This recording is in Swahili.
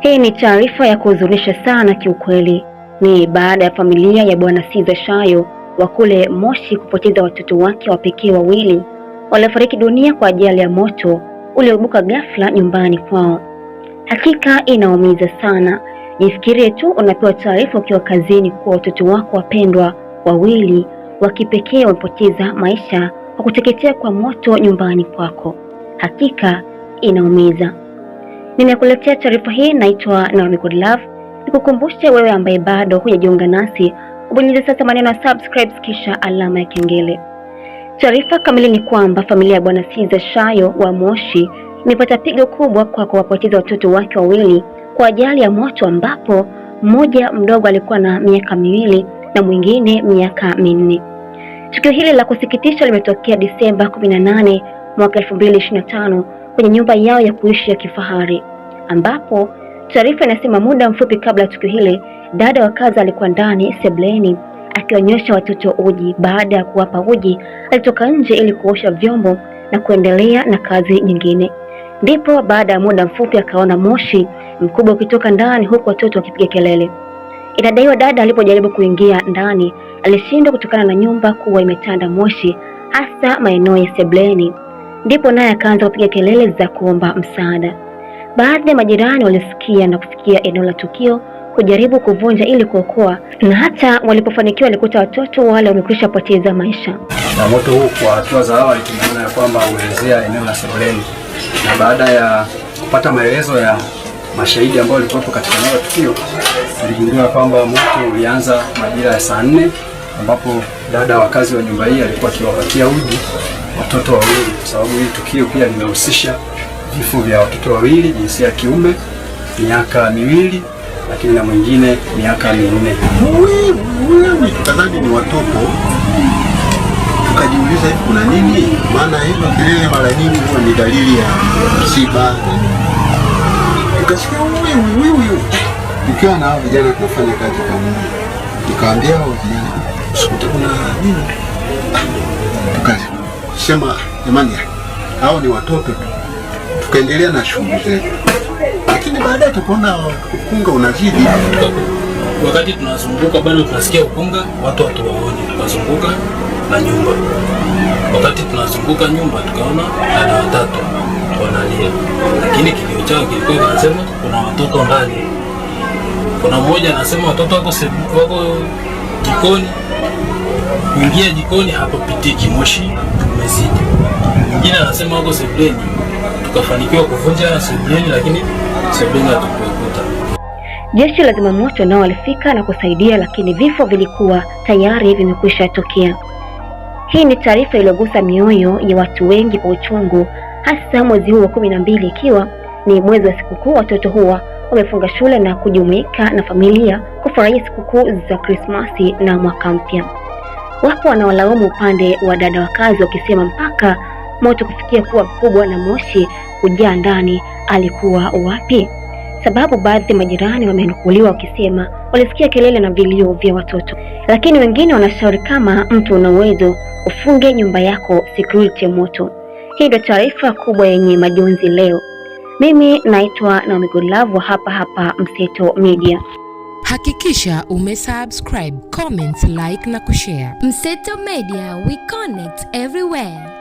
Hii ni taarifa ya kuhuzunisha sana kiukweli. Ni baada ya familia ya Bwana Siza Shayo wa kule Moshi kupoteza watoto wake wa pekee wawili waliofariki dunia kwa ajali ya moto ulioibuka ghafla nyumbani kwao. Hakika inaumiza sana. Jifikirie tu unapewa taarifa ukiwa kazini kuwa watoto wako wapendwa wawili wa kipekee wamepoteza maisha kwa kuteketea kwa moto nyumbani kwako. Hakika inaumiza. Nimekuletea taarifa hii, naitwa Naomi Love. Nikukumbushe wewe ambaye bado hujajiunga nasi, ubonyeze sasa maneno ya subscribe kisha alama ya kengele. Taarifa kamili ni kwamba familia ya Bwana Siza Shayo wa Moshi imepata pigo kubwa kwa kuwapoteza watoto wake wawili kwa ajali ya moto, ambapo mmoja mdogo alikuwa na miaka miwili na mwingine miaka minne. Tukio hili la kusikitisha limetokea Disemba 18 mwaka 2025 kwenye nyumba yao ya kuishi ya kifahari, ambapo taarifa inasema muda mfupi kabla ya tukio hili, dada wa Kaza alikuwa ndani sebleni akionyesha watoto uji. Baada ya kuwapa uji, alitoka nje ili kuosha vyombo na kuendelea na kazi nyingine. Ndipo baada ya muda mfupi akaona moshi mkubwa ukitoka ndani, huku watoto wakipiga kelele. Inadaiwa dada alipojaribu kuingia ndani alishindwa kutokana na nyumba kuwa imetanda moshi, hasa maeneo ya sebleni, ndipo naye akaanza kupiga kelele za kuomba msaada. Baadhi ya majirani walisikia na kufikia eneo la tukio kujaribu kuvunja ili kuokoa, na hata walipofanikiwa walikuta watoto wale wamekwisha poteza maisha. Na moto huu kwa hatua za awali tumeona ya kwamba uelezea eneo la sebleni, na baada ya kupata maelezo ya mashahidi ambao walikuwepo katika eneo la tukio tuligundua kwamba moto ulianza majira ya saa nne ambapo dada wakazi wa nyumba hii alikuwa akiwapatia uji watoto wawili, kwa sababu hili tukio pia limehusisha vifo vya watoto wawili jinsia ya kiume miaka miwili lakini na mwingine miaka minne. Tukadhani ni watoto, tukajiuliza hivi kuna nini? Maana hizo kelele mara nyingi huwa ni dalili ya msiba. Tukasikia wiwiwiwi tukiwa na vijana tunafanya kazi pamoja, nikawaambia hao vijana usikute kuna nini, tukasema jamani, hao ni watoto tu, tukaendelea na shughuli zetu, lakini baadaye tukaona ukunga unazidi. Wakati tunazunguka bana, tunasikia ukunga, watu watu waone, tukazunguka na nyumba. Wakati tunazunguka nyumba, tukaona ana watatu wanalia, lakini kilio chao kilikuwa kinasema kuna watoto ndani. Kuna mmoja anasema watoto wako wako jikoni, kuingia jikoni hapapitiki, moshi umezidi. Mwingine anasema wako sebuleni, tukafanikiwa kuvunja sebuleni, lakini sebuleni hatukuikuta. Jeshi la zimamoto nao walifika na kusaidia, lakini vifo vilikuwa tayari vimekwisha tokea. Hii ni taarifa iliyogusa mioyo ya watu wengi kwa uchungu, hasa mwezi huu wa kumi na mbili ikiwa ni mwezi wa sikukuu watoto huwa wamefunga shule na kujumuika na familia kufurahia sikukuu za Krismasi na mwaka mpya. Wapo wanaolaumu upande wa dada wakazi wakisema mpaka moto kufikia kuwa mkubwa na moshi kujaa ndani, alikuwa wapi? Sababu baadhi ya majirani wamenukuliwa wakisema walisikia kelele na vilio vya watoto, lakini wengine wanashauri kama mtu una uwezo ufunge nyumba yako, security moto. Hii ndio taarifa kubwa yenye majonzi leo. Mimi naitwa Naomi Goodlove wa hapa hapa Mseto Media. Hakikisha umesubscribe, comment, like na kushare. Mseto Media, we connect everywhere.